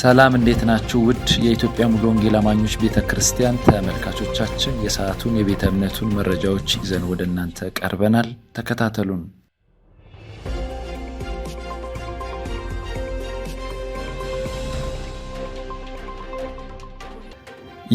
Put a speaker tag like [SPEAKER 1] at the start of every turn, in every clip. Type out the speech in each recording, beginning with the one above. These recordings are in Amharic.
[SPEAKER 1] ሰላም እንዴት ናችሁ? ውድ የኢትዮጵያ ሙሉ ወንጌል አማኞች ቤተ ክርስቲያን ተመልካቾቻችን የሰዓቱን የቤተ እምነቱን መረጃዎች ይዘን ወደ እናንተ ቀርበናል። ተከታተሉን።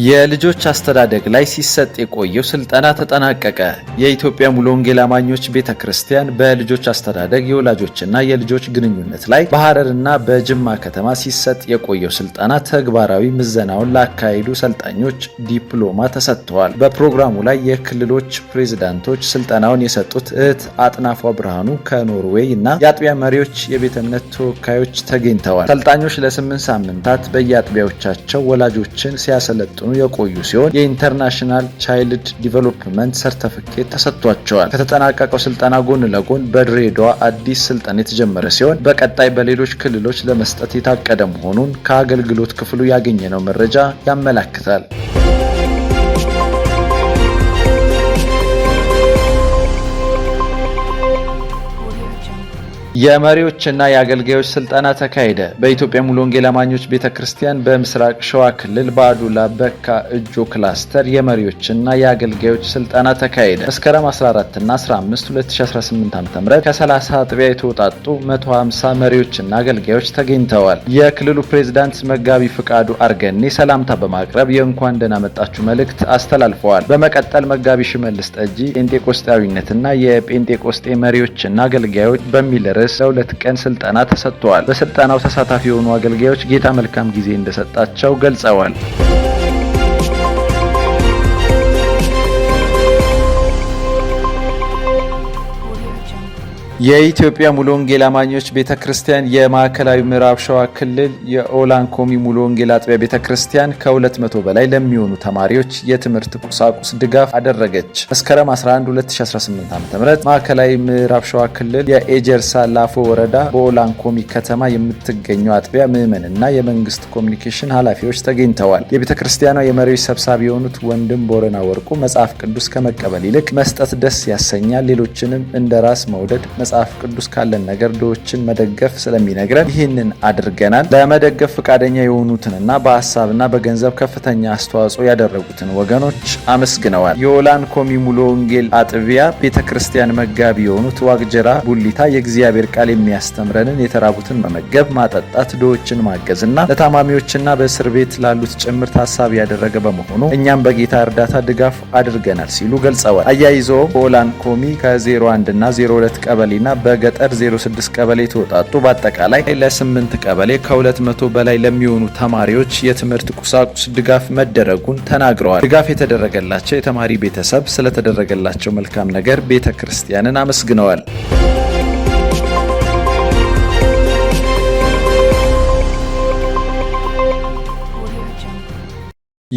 [SPEAKER 1] የልጆች አስተዳደግ ላይ ሲሰጥ የቆየው ስልጠና ተጠናቀቀ። የኢትዮጵያ ሙሉ ወንጌል አማኞች ቤተ ክርስቲያን በልጆች አስተዳደግ የወላጆችና የልጆች ግንኙነት ላይ በሐረርና በጅማ ከተማ ሲሰጥ የቆየው ስልጠና ተግባራዊ ምዘናውን ላካሄዱ ሰልጣኞች ዲፕሎማ ተሰጥተዋል። በፕሮግራሙ ላይ የክልሎች ፕሬዝዳንቶች ስልጠናውን የሰጡት እህት አጥናፏ ብርሃኑ ከኖርዌይ እና የአጥቢያ መሪዎች፣ የቤተ እምነት ተወካዮች ተገኝተዋል። ሰልጣኞች ለስምንት ሳምንታት በየአጥቢያዎቻቸው ወላጆችን ሲያሰለጥኑ የቆዩ ሲሆን የኢንተርናሽናል ቻይልድ ዲቨሎፕመንት ሰርተፍኬት ተሰጥቷቸዋል። ከተጠናቀቀው ስልጠና ጎን ለጎን በድሬዳዋ አዲስ ስልጠና የተጀመረ ሲሆን በቀጣይ በሌሎች ክልሎች ለመስጠት የታቀደ መሆኑን ከአገልግሎት ክፍሉ ያገኘነው መረጃ ያመላክታል። የመሪዎችና የአገልጋዮች ስልጠና ተካሄደ። በኢትዮጵያ ሙሉ ወንጌል አማኞች ቤተ ክርስቲያን በምስራቅ ሸዋ ክልል ባዱላ በካ እጆ ክላስተር የመሪዎችና የአገልጋዮች ስልጠና ተካሄደ። መስከረም 14ና 15 2018 ዓ.ም ከ30 ጥቢያ የተውጣጡ 150 መሪዎችና አገልጋዮች ተገኝተዋል። የክልሉ ፕሬዝዳንት መጋቢ ፍቃዱ አርገኔ ሰላምታ በማቅረብ የእንኳን ደህና መጣችሁ መልእክት አስተላልፈዋል። በመቀጠል መጋቢ ሽመልስ ጠጂ ጴንጤቆስጣዊነትና የጴንጤቆስጤ መሪዎችና አገልጋዮች በሚል ርዕስ ለሁለት ቀን ስልጠና ተሰጥቷል። በስልጠናው ተሳታፊ የሆኑ አገልጋዮች ጌታ መልካም ጊዜ እንደሰጣቸው ገልጸዋል። የኢትዮጵያ ሙሉ ወንጌል አማኞች ቤተ ክርስቲያን የማዕከላዊ ምዕራብ ሸዋ ክልል የኦላንኮሚ ሙሉ ወንጌል አጥቢያ ቤተ ክርስቲያን ከ200 በላይ ለሚሆኑ ተማሪዎች የትምህርት ቁሳቁስ ድጋፍ አደረገች። መስከረም 11 2018 ዓ ም ማዕከላዊ ምዕራብ ሸዋ ክልል የኤጀርሳ ላፎ ወረዳ በኦላንኮሚ ከተማ የምትገኘው አጥቢያ ምዕመንና የመንግስት ኮሚኒኬሽን ኃላፊዎች ተገኝተዋል። የቤተ ክርስቲያኗ የመሪዎች ሰብሳቢ የሆኑት ወንድም ቦረና ወርቁ መጽሐፍ ቅዱስ ከመቀበል ይልቅ መስጠት ደስ ያሰኛል፣ ሌሎችንም እንደ ራስ መውደድ መጽሐፍ ቅዱስ ካለን ነገር ድሆችን መደገፍ ስለሚነግረን ይህንን አድርገናል። ለመደገፍ ፈቃደኛ የሆኑትንና በሀሳብና በገንዘብ ከፍተኛ አስተዋጽኦ ያደረጉትን ወገኖች አመስግነዋል። የኦላን ኮሚ ሙሉ ወንጌል አጥቢያ ቤተ ክርስቲያን መጋቢ የሆኑት ዋቅጀራ ቡሊታ የእግዚአብሔር ቃል የሚያስተምረንን የተራቡትን መመገብ፣ ማጠጣት፣ ድሆችን ማገዝና ለታማሚዎችና በእስር ቤት ላሉት ጭምር ታሳቢ ያደረገ በመሆኑ እኛም በጌታ እርዳታ ድጋፍ አድርገናል ሲሉ ገልጸዋል። አያይዘውም ኦላን ኮሚ ከ01 እና 02 ቀበሌ ነዋሪና በገጠር 06 ቀበሌ ተወጣጡ በአጠቃላይ ለ8 ቀበሌ ከ200 በላይ ለሚሆኑ ተማሪዎች የትምህርት ቁሳቁስ ድጋፍ መደረጉን ተናግረዋል። ድጋፍ የተደረገላቸው የተማሪ ቤተሰብ ስለተደረገላቸው መልካም ነገር ቤተ ክርስቲያንን አመስግነዋል።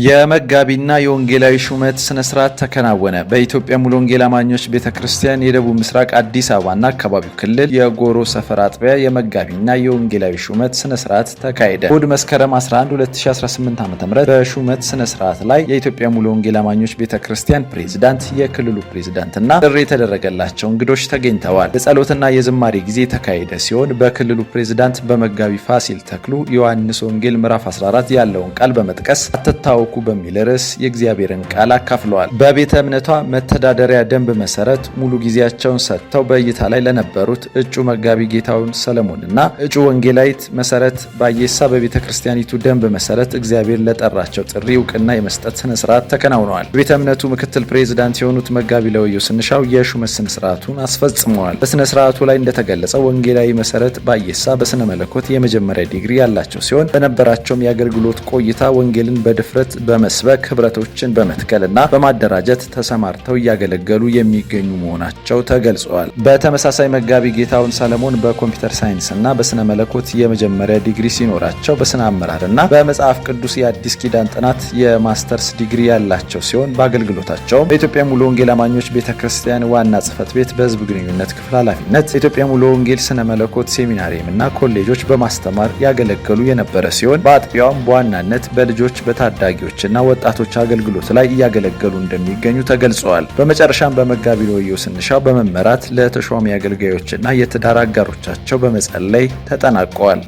[SPEAKER 1] የመጋቢና የወንጌላዊ ሹመት ስነስርዓት ተከናወነ። በኢትዮጵያ ሙሉ ወንጌል አማኞች ቤተ ክርስቲያን የደቡብ ምስራቅ አዲስ አበባና አካባቢው ክልል የጎሮ ሰፈር አጥቢያ የመጋቢና የወንጌላዊ ሹመት ስነስርዓት ተካሄደ። እሁድ መስከረም 11 2018 ዓ.ም በሹመት ስነስርዓት ላይ የኢትዮጵያ ሙሉ ወንጌል አማኞች ቤተ ክርስቲያን ፕሬዝዳንት፣ የክልሉ ፕሬዝዳንትና ጥሪ የተደረገላቸው እንግዶች ተገኝተዋል። የጸሎትና የዝማሬ ጊዜ ተካሄደ ሲሆን በክልሉ ፕሬዝዳንት በመጋቢ ፋሲል ተክሉ ዮሐንስ ወንጌል ምዕራፍ 14 ያለውን ቃል በመጥቀስ አትታወ አስታውኩ በሚል ርዕስ የእግዚአብሔርን ቃል አካፍለዋል። በቤተ እምነቷ መተዳደሪያ ደንብ መሰረት ሙሉ ጊዜያቸውን ሰጥተው በእይታ ላይ ለነበሩት እጩ መጋቢ ጌታውን ሰለሞንና እጩ ወንጌላዊት መሰረት ባየሳ በቤተ ክርስቲያኒቱ ደንብ መሰረት እግዚአብሔር ለጠራቸው ጥሪ እውቅና የመስጠት ስነስርዓት ተከናውነዋል። በቤተ እምነቱ ምክትል ፕሬዚዳንት የሆኑት መጋቢ ለወዩ ስንሻው የሹመት ስነስርዓቱን አስፈጽመዋል። በስነስርዓቱ ላይ እንደተገለጸው ወንጌላዊ መሰረት ባየሳ በስነ መለኮት የመጀመሪያ ዲግሪ ያላቸው ሲሆን በነበራቸውም የአገልግሎት ቆይታ ወንጌልን በድፍረት ትምህርት በመስበክ ህብረቶችን በመትከልና በማደራጀት ተሰማርተው እያገለገሉ የሚገኙ መሆናቸው ተገልጸዋል። በተመሳሳይ መጋቢ ጌታውን ሰለሞን በኮምፒውተር ሳይንስና በስነ መለኮት የመጀመሪያ ዲግሪ ሲኖራቸው በስነ አመራርና በመጽሐፍ ቅዱስ የአዲስ ኪዳን ጥናት የማስተርስ ዲግሪ ያላቸው ሲሆን በአገልግሎታቸውም በኢትዮጵያ ሙሉ ወንጌል አማኞች ቤተ ክርስቲያን ዋና ጽህፈት ቤት በህዝብ ግንኙነት ክፍል ኃላፊነት የኢትዮጵያ ሙሉ ወንጌል ስነ መለኮት ሴሚናሪየምና ኮሌጆች በማስተማር ያገለገሉ የነበረ ሲሆን በአጥቢያውም በዋናነት በልጆች በታዳጊ ታዳጊዎችና ወጣቶች አገልግሎት ላይ እያገለገሉ እንደሚገኙ ተገልጸዋል። በመጨረሻም በመጋቢ ለወየው ስንሻው በመመራት ለተሿሚ አገልጋዮችና የትዳር አጋሮቻቸው በመጸለይ ተጠናቀዋል።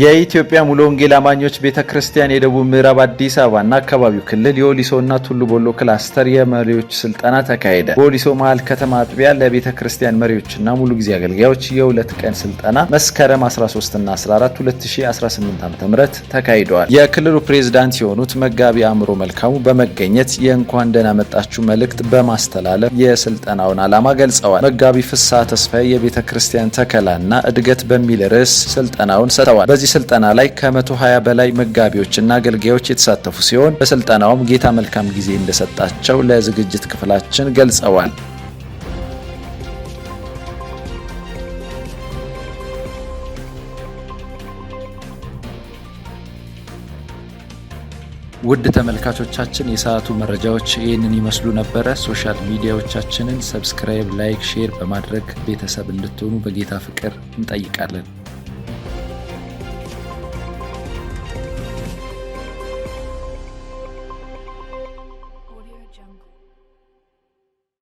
[SPEAKER 1] የኢትዮጵያ ሙሉ ወንጌል አማኞች ቤተ ክርስቲያን የደቡብ ምዕራብ አዲስ አበባና አካባቢው ክልል የኦሊሶና ቱሉ ቦሎ ክላስተር የመሪዎች ስልጠና ተካሄደ። በኦሊሶ መሀል ከተማ አጥቢያ ለቤተ ክርስቲያን መሪዎችና ሙሉ ጊዜ አገልጋዮች የሁለት ቀን ስልጠና መስከረም 13ና 14 2018 ዓ.ም ተካሂደዋል። የክልሉ ፕሬዝዳንት የሆኑት መጋቢ አእምሮ መልካሙ በመገኘት የእንኳን ደህና መጣችሁ መልእክት በማስተላለፍ የስልጠናውን ዓላማ ገልጸዋል። መጋቢ ፍስሐ ተስፋዬ የቤተ ክርስቲያን ተከላና እድገት በሚል ርዕስ ስልጠናውን ሰጥተዋል። በዚህ ስልጠና ላይ ከ120 በላይ መጋቢዎችና አገልጋዮች የተሳተፉ ሲሆን በስልጠናውም ጌታ መልካም ጊዜ እንደሰጣቸው ለዝግጅት ክፍላችን ገልጸዋል። ውድ ተመልካቾቻችን የሰዓቱ መረጃዎች ይህንን ይመስሉ ነበረ። ሶሻል ሚዲያዎቻችንን ሰብስክራይብ፣ ላይክ፣ ሼር በማድረግ ቤተሰብ እንድትሆኑ በጌታ ፍቅር እንጠይቃለን።